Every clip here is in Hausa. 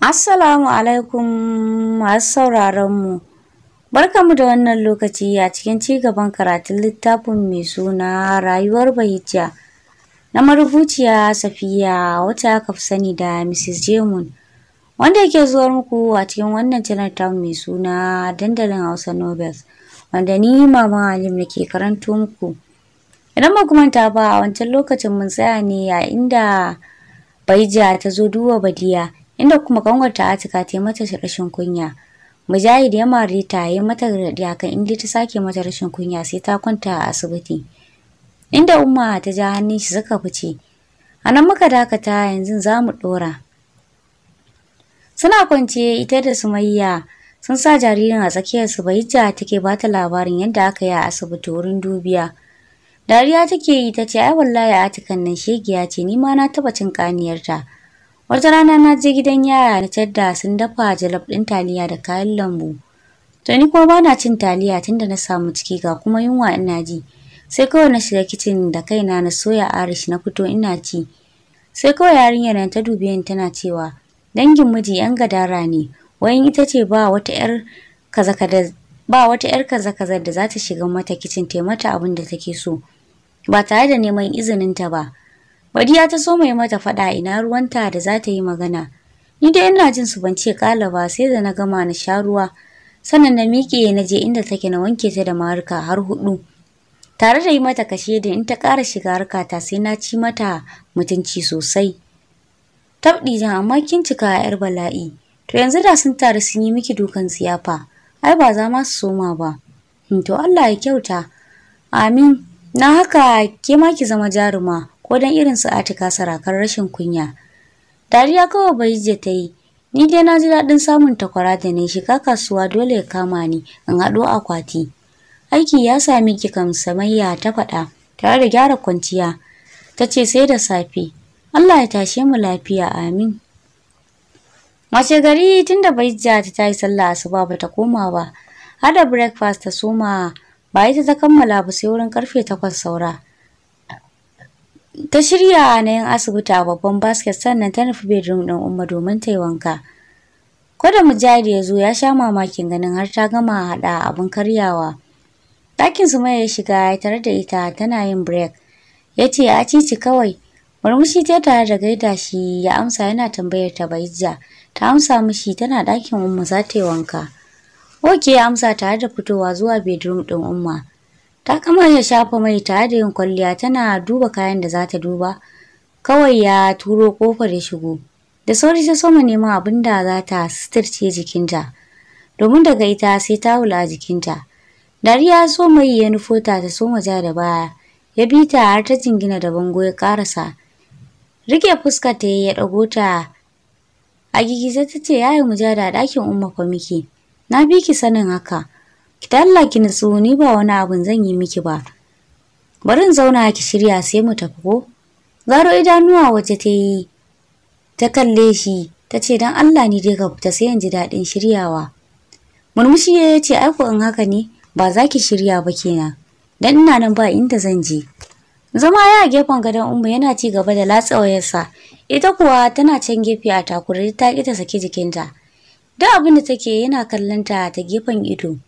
Assalamu alaikum masu sauraronmu. Barkamu da wannan lokaci a cikin cigaban karatun littafin mai suna rayuwar bahijja na marubuciya Safiya wata aka fi sani da Mrs. Jemun wanda yake zuwa muku a cikin wannan janar ta mai suna dandalin Hausa Nobels wanda ni Mama Alim ke karanto muku. Idan ba kuma ta ba a wancan lokacin mun tsaya ne a inda Baija ta zo duba Badiya inda kuma kanwar ta Atika ta yi mata rashin kunya. Mujahid ya mare ta yi mata gargaɗi akan inda ta sake mata rashin kunya sai ta kwanta a asibiti. Inda Umma ta ja hannun shi suka fice. A nan muka dakata yanzu za mu ɗora. Suna kwance ita da Sumayya sun sa jaririn a tsakiyar su Bahijja take ba ta labarin yadda aka yi a asibiti wurin dubiya. Dariya take yi ta ce ai wallahi Atikan nan shegiya ce ni ma na taba cin ƙaniyarta. Wata rana na je gidan yara na tadda sun dafa jalof ɗin taliya da kayan lambu. To ni kuma ba na cin taliya tunda na samu ciki ga kuma yunwa ina ji. Sai kawai na shiga kicin da kaina na soya arish na fito ina ci. Sai kawai yarinyar na ta dube ni tana cewa dangin miji yan gadara ne wayan ita ce ba wata yar kaza kaza ba wata yar kaza kaza da za ta shiga mata kicin ta mata abin da take so ba tare da neman izinin ta ba. Badiya ta so mai mata faɗa ina ruwanta da za ta yi magana. Ni dai ina jin su ban ce ba sai da na gama na sha ruwa. Sannan na miƙe na je inda take na wanke ta da maharka har huɗu. Tare da yi mata kashe da in ta ƙara shiga ta sai na ci mata mutunci sosai. Tabɗi jan amma kin cika a 'yar bala'i. To yanzu da sun taru sun yi miki dukan tsiyafa. Ai ba za ma su soma ba. Hmm, to Allah ya kyauta. Amin. Na haka ke ma ki zama jaruma. ko dan irin su Atika sarakar rashin kunya. Dariya kawai Bayijiya ta yi, ni dai na ji daɗin samun takwara da ne shiga kasuwa dole ya kama ni in haɗo akwati. Aiki ya sami ki kam samayya ta faɗa tare da gyara kwanciya. Ta ce sai da safe, Allah ya tashe mu lafiya amin. Mace gari tunda Bayijiya ta tayi sallah asuba ba ta koma ba, Hada breakfast ta soma ba ita ta kammala ba sai wurin karfe takwas saura. ta shirya na yin asibiti a babban basket sannan ta nufi bedroom ɗin umma domin ta yi wanka ko da mujahid ya zo ya sha mamakin ganin har ta gama haɗa abin karyawa ɗakin su ya shiga ya tare da ita tana yin break ya ce a cici kawai murmushi ta tare da gaida shi ya amsa yana tambayar ta baija ta amsa mishi tana ɗakin umma za ta yi wanka oke ya amsa tare da fitowa zuwa bedroom ɗin umma Ta kama ya shafa mai tare da yin kwalliya tana duba kayan da za ta duba. Kawai ya turo kofar ya shigo. Da sauri ta soma neman abin da za ta sitirce jikinta. Domin daga ita sai ta wula jikinta. Dariya so mai ya nufo ta ta soma ja da baya. Ya bi ta har ta jingina da bango ya karasa. Rike fuska ta ya ɗago ta. A gigize ta ce yayi mujada a dakin umma fa miki. Na bi ki sanin haka. ki talla ki nutsu ni ba wani abun zan yi miki ba bari in zauna ki shirya sai mu tafi ko garo idanuwa waje ta yi ta kalle shi ta ce don Allah ni dai ka fita sai in ji daɗin shiryawa murmushi ya ce ai ko in haka ne ba za ki shirya ba kenan dan ina nan ba inda zan je zama ya gefen gadon umma yana ci gaba da latsa wayarsa ita kuwa tana can gefe a takure ta ta saki jikinta duk abin da take yana kallon ta ta gefen ido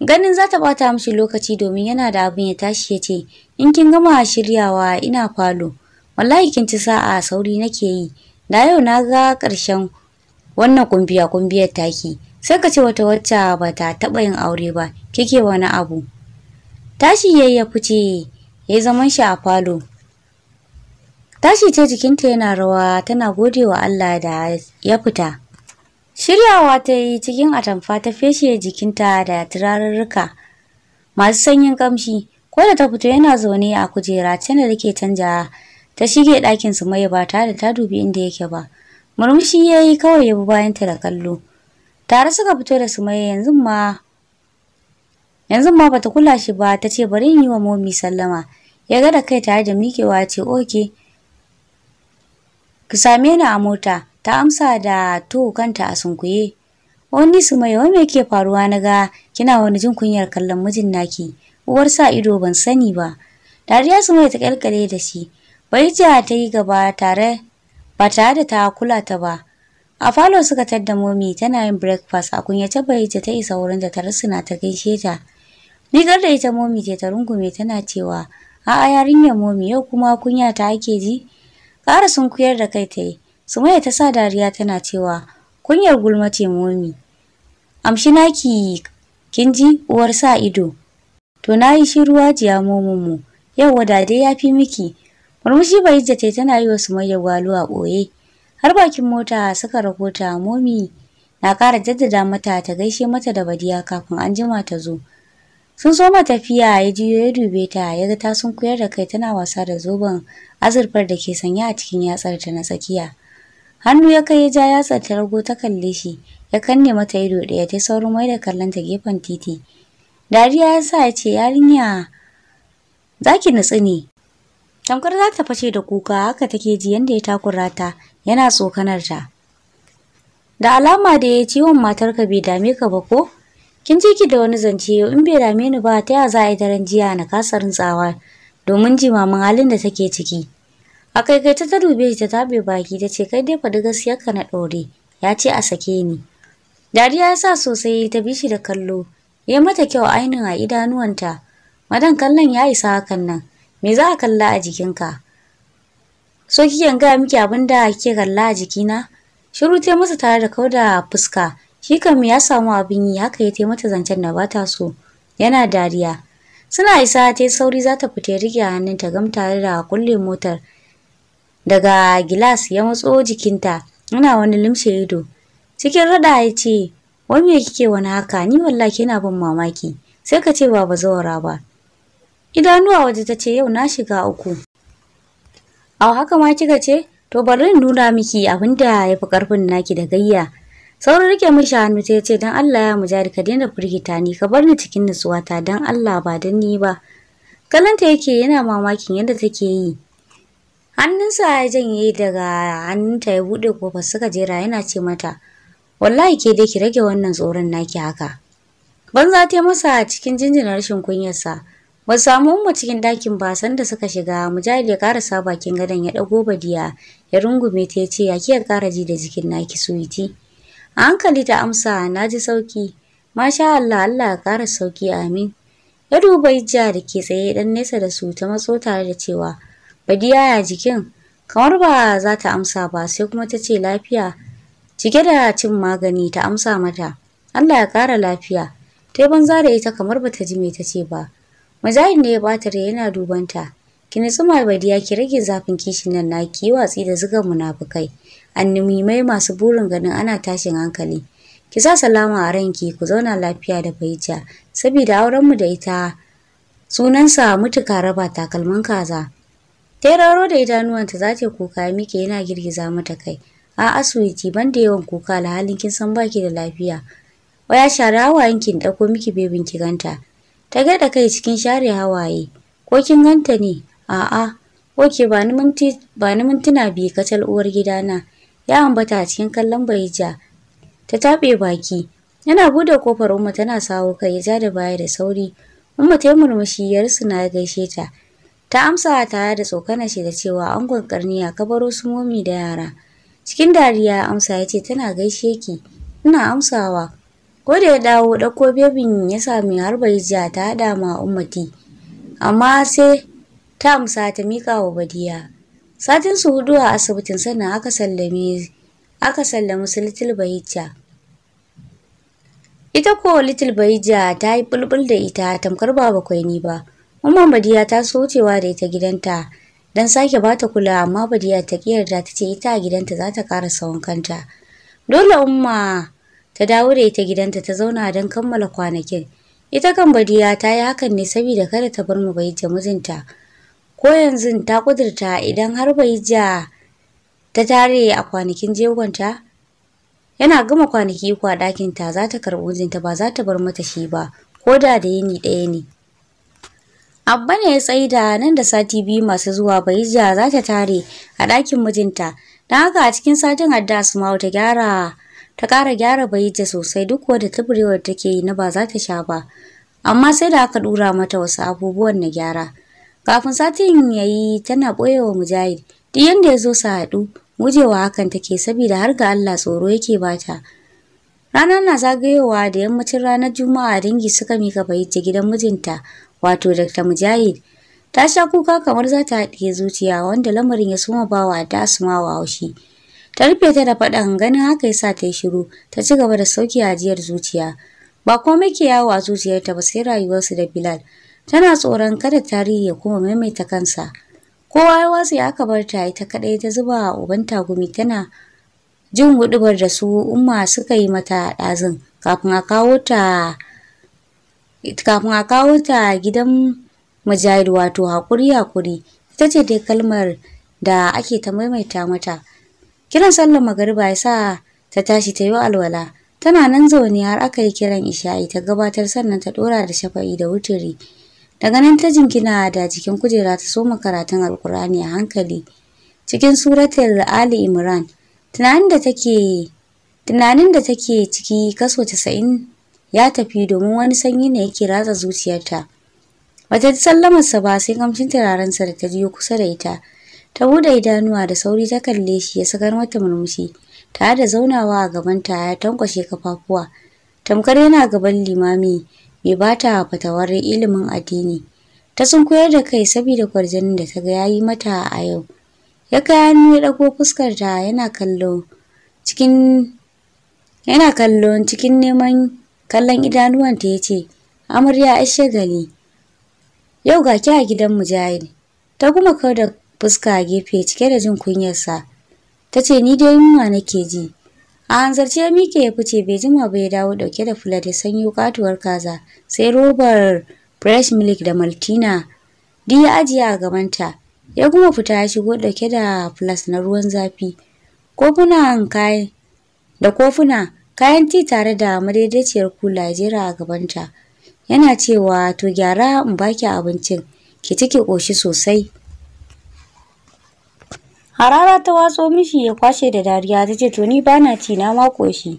Ganin za ta bata mishi lokaci domin yana da abin ya tashi ya ce, In kin gama shiryawa ina falo, wallahi kin ci sa'a sauri nake yi, da yau na ga ƙarshen wannan kumbiya kumbiyar taki, sai ka ce wata wacce ba ta taɓa yin aure ba, kike wani abu. Tashi ya yi ya fice, ya yi zaman shi a falo. Tashi ce jikinta yana rawa tana gode wa Allah da ya fita. Shiryawa ta yi cikin atamfa ta feshe jikinta da turarurruka masu sanyin kamshi. Ko da ta fito yana zaune a kujera tana da ke canja ta shige ɗakin su mai ba tare da ta dubi inda yake ba. Murmushi ya yi kawai ya bi bayanta da kallo. Tare suka fito da mai yanzu ma yanzu ma bata kula shi ba ta ce bari in yi wa momi sallama. Ya ga da kai tare da miƙewa ya ce oke. Ki same ni a mota. ta amsa da to kanta a sunkuye. Wani su mai mai ke faruwa na ga kina wani jin kunyar kallon mijin naki, uwar sa ido ban sani ba. Dariya su mai ta kyalkyale da shi, bai jiya ta yi gaba tare ba tare da ta kula ta ba. A falo suka tadda momi tana yin breakfast a kunyace bai ta ta isa wurin da ta rasuna ta gaishe ta. Ni da ita momi ce ta rungume tana cewa a'a yarinyar momi yau kuma kunya ta ake ji. Ƙara sunkuyar da kai ta yi. Sumaya ta sa dariya tana cewa kunyar gulma ce momi. Amshi naki kinji uwar sa ido. To na yi shi ruwa jiya mominmu. Yau wadade ya fi miki. Murmushi bai ta tana yi wa Sumayya gwalo a ɓoye. Har bakin mota suka rahota momi na ƙara jaddada mata ta gaishe mata da badiya kafin an jima ta zo. Sun so tafiya ya jiyo ya dube ta ya ga ta sun koyar da kai tana wasa da zoben azurfar da ke sanya a cikin yatsar ta na tsakiya. hannu ya kai ja ya ta rago ta kalle shi ya kanne mata ido ɗaya ta saurin mai da kallon ta gefen titi dariya ya sa ya ce yarinya za ki nutsu ne tamkar za ta fashe da kuka haka take ji yadda ya takura ta yana tsokanar ta da alama da ya ciwon matar ka bai dame ka ba ko kin ji ki da wani zance yau in bai dame ni ba ta ya za a yi daren jiya na kasa rintsawa domin jimamin halin da take ciki A kai kai ta dube shi ta tabe baki ta ce kai dai faɗi gaskiyarka na ɗaure Ya ce a sake ni. Dariya ya sa sosai ta bi shi da kallo. Ya mata kyau ainihin a idanuwanta. Madan kallon ya isa hakan nan. Me za a kalla a jikinka? So kiyan gaya miki abin da kike kalla a jikina? Shiru ta masa tare da kauda fuska. Shi kam ya samu abin yi haka ya taimata zancen da ba ta so. Yana dariya. Suna isa ta sauri za ta fita ya rike hannunta ta da kulle motar. daga gilas ya matso jikinta yana wani limshe ido cikin rada ya ce Wani me kike wani haka ni wallahi yana bin mamaki sai ka ce ba zawara ba idanuwa waje ta ce yau na shiga uku a haka ma kika ce to bari in nuna miki abin da ya fi karfin naki da gayya saurin rike min hannu ta ce dan Allah ya mu jari ka daina firgita ni ka bar ni cikin nutsuwata dan Allah ba dan ni ba kalanta yake yana mamakin yadda take yi hannunsa ya janye daga hannunta ya buɗe kofar suka jera yana ce mata wallahi ke dai ki rage wannan tsoron naki haka banza ta masa cikin jinjina rashin kunyarsa ba samu umma cikin dakin ba da suka shiga mujahid ya sa bakin gadon ya ɗago badiya ya rungume ta ya ce ya kiyar ƙara ji da jikin naki suwiti a hankali ta amsa na ji sauki masha Allah Allah ya ƙara sauki amin ya duba ijja da ke tsaye dan nesa da su ta matso tare da cewa Badiya ya jikin? Kamar ba za ta amsa ba sai kuma ta ce lafiya. Cike da cin magani ta amsa mata. Allah ya ƙara lafiya. Ta banza da ita kamar ba ta ji mai ta ce ba. Mujahid ne ya bata da yana dubanta. Ki nutsu badiya ki rage zafin kishin nan naki yi watsi da zugan munafukai. Annimimai masu burin ganin ana tashin hankali. Ki sa salama a ranki ku zauna lafiya da fahimta saboda aurenmu da ita sunansa mutuka raba takalman kaza. Ta raro da idanuwanta za ta kuka ya mike yana girgiza mata kai. A asibiti ban da yawan kuka alhalin kin san baki da lafiya. Waya share hawayen kin Ko miki bebin ki ganta. Ta gaɗa kai cikin share hawaye. Ko kin ganta ne? A'a. Oke ba ni ba ni mintuna biyu kacal uwar gidana. Ya ambata a cikin kallon bayija. Ta taɓe baki. Yana buɗe kofar Umma tana sawo kai ya ja da baya da sauri. Umma ta yi murmushi ya rusuna gaishe ta. Ta amsa tare da tsokana ce da cewa angon karniya ka baro su momi da yara. Cikin dariya amsa ya ce tana gaishe ki. Ina amsawa. Ko da ya dawo ɗauko bebin ya sami har bai ta haɗa ma ummati. Amma sai ta amsa ta miƙa wa badiya. Satin su hudu a asibitin sannan aka sallame aka sallami su Little Bahijja. Ita ko Little Bahijja ta yi bulbul da ita tamkar ba bakwai ni ba. Mamman Badiya ta so wucewa da ita gidanta don sake ba ta kula amma Badiya ta yarda ta ce ita gidanta za ta sawan kanta. Dole Umma ta dawo da ita gidanta ta zauna don kammala kwanakin. Ita kan Badiya ta yi hakan ne saboda kada ta bar mu bayyana mijinta. Ko yanzu ta kudurta idan har bayyana ta tare a kwanakin jegonta yana gama kwanaki kwa ɗakinta za ta karɓi mijinta ba za ta bar mata shi ba ko da da yini ɗaya ne. Abba ne ya tsaida nan da sati biyu masu zuwa Baija za ta tare a ɗakin mijinta. Don haka a cikin satin Adda Asma'u ta gyara ta ƙara gyara Baija sosai duk burewa taburewar take yi na ba za ta sha ba. Amma sai da aka ɗura mata wasu abubuwan na gyara. Kafin satin ya yi tana ɓoyewa Mujahid duk yanda ya zo su haɗu gujewa hakan take saboda har ga Allah tsoro yake bata. Rana na zagayowa da yammacin ranar Juma'a dangi suka mika Baija gidan mijinta wato Dr. Mujahid ta sha kuka kamar za ta haɗiye zuciya wanda lamarin ya suma ba bawa da wa haushi. Ta rufe ta da faɗan ganin haka ya sa ta yi shiru ta ci gaba da sauki ajiyar zuciya. Ba komai ke yawo a zuciyarta ba sai rayuwarsu da Bilal. Tana tsoron kada tarihi ya kuma maimaita kansa. Kowa ya ya aka bar ta ita kaɗai ta zuba a uban tagumi tana jin huɗubar da su umma suka yi mata ɗazin kafin a kawo ta kafin a kawo ta gidan mujahid wato hakuri hakuri ita ce dai kalmar da ake ta maimaita mata kiran sallar magariba ya sa ta tashi ta yi alwala tana nan zaune har aka yi kiran isha'i ta gabatar sannan ta dora da shafa'i da wuturi daga nan ta jinkina da jikin kujera ta soma karatun alkur'ani a hankali cikin suratul ali imran tunanin da take tunanin ciki kaso 90 ya tafi domin wani sanyi ne yake ratsa zuciyarta wata sa ba sai kamshin sa da ta jiyo kusa da ita ta buɗe idanuwa da sauri ta kalle shi ya sakar mata murmushi tare da zaunawa a gaban gabanta ya tankwashe kafafuwa tamkar yana gaban limami bai bata fatawar ilimin addini ta sunkuyar da kai saboda kwarjanin da ta ga yayi mata a yau ya kai hannu ya dago fuskar ta yana kallo cikin yana kallon cikin neman kallon idanuwanta ya ce amarya ai shagali yau ga ki a gidan mujahid ta kuma kawo da fuska a gefe cike da jin kunyarsa ta ce ni dai yunwa nake ji a hanzarce ya ya fice bai jima ba ya dawo dauke da fulat da sanyo katuwar kaza sai robar fresh milk da maltina duk ya ajiye a gabanta ya kuma fita ya shigo ɗauke da flas na ruwan zafi kofunan kayan da kofuna kayan ti tare da madaidaiciyar kula jera a gabanta. Yana cewa to gyara in baki abincin, ki ci ki koshi sosai. Harara ta watso mishi ya kwashe da dariya ta ce to ni bana ci na ma ƙoshi.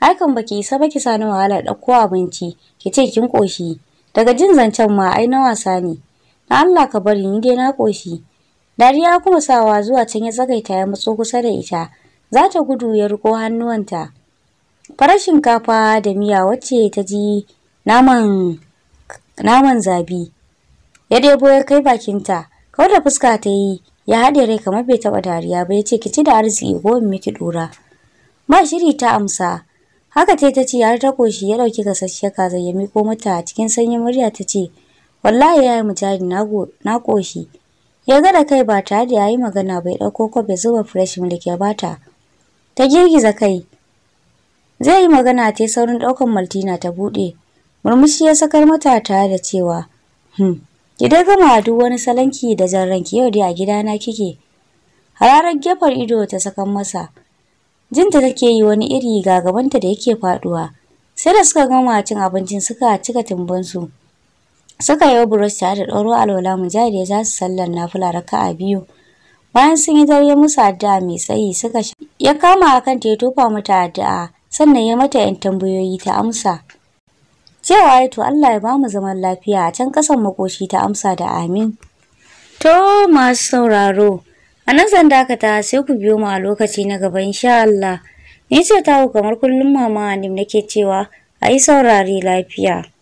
Hakan baki isa ba ki ni wahala ɗauko abinci, ki ce kin ƙoshi. Daga jin zancen ma ai na wasa ne. Na Allah ka bari ni dai na ƙoshi. Dariya kuma sawa zuwa can ya tsagaita ya matso kusa da ita. Za ta gudu ya riko hannuwanta. farar shinkafa da miya wacce ta ji naman zabi ya debo ya kai bakinta kawar da fuska ta yi ya haɗe rai kamar bai taɓa dariya ba ya ce ki ci da arziki ko in miki ɗora ba shiri ta amsa haka ta ta ce har ta koshi ya ɗauki gasasshiya kaza ya miko mata cikin sanyin murya ta ce wallahi ya yi mujahid na koshi ya gada kai ba tare da ya yi magana bai ɗauko kwabe zuba fresh milk ya bata ta girgiza kai Zai yi magana ta saurin ɗaukan Maltina ta buɗe. Murmushi ya sakar mata tare da cewa, "Hmm, ki dai gama duk wani salanki da zarranki yau dai a gidana kike." Hararar gefen ido ta sakan masa. Jinta take yi wani iri ga gabanta da yake faɗuwa. Sai da suka gama cin abincin suka cika timbansu Suka yi burush tare da ɗoro alwala mujahid ya da sallar nafila raka'a biyu. Bayan sun yi dare musu addu'a mai tsayi suka ya kama akan ta ya tofa mata addu'a sannan ya mata ‘yan tambayoyi ta amsa. Cewa ya to Allah ya ba mu zaman lafiya a can ƙasan makoshi ta amsa da amin. To masu sauraro, a nan zan dakata sai ku biyo mu a lokaci na gaba insha Allah. Ni ce tawo kamar kullum mama nake cewa a yi saurare lafiya.